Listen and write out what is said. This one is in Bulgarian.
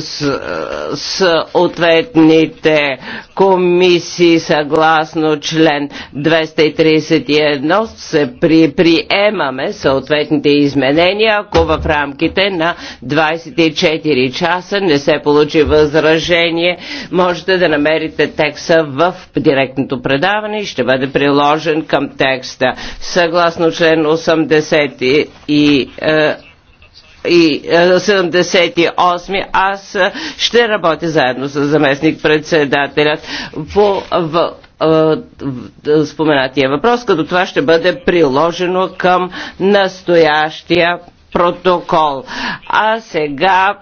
с, с ответните комисии съгласно член 231 се при, приемаме съответните изменения, ако в рамките на 24 часа не се получи възражение, можете да намерите текста в директното предаване и ще бъде приложен към текста. Съгласно член 80 и е, и 78 е, аз е, ще работя заедно с заместник председателят по в, е, в, споменатия въпрос, като това ще бъде приложено към настоящия протокол. А сега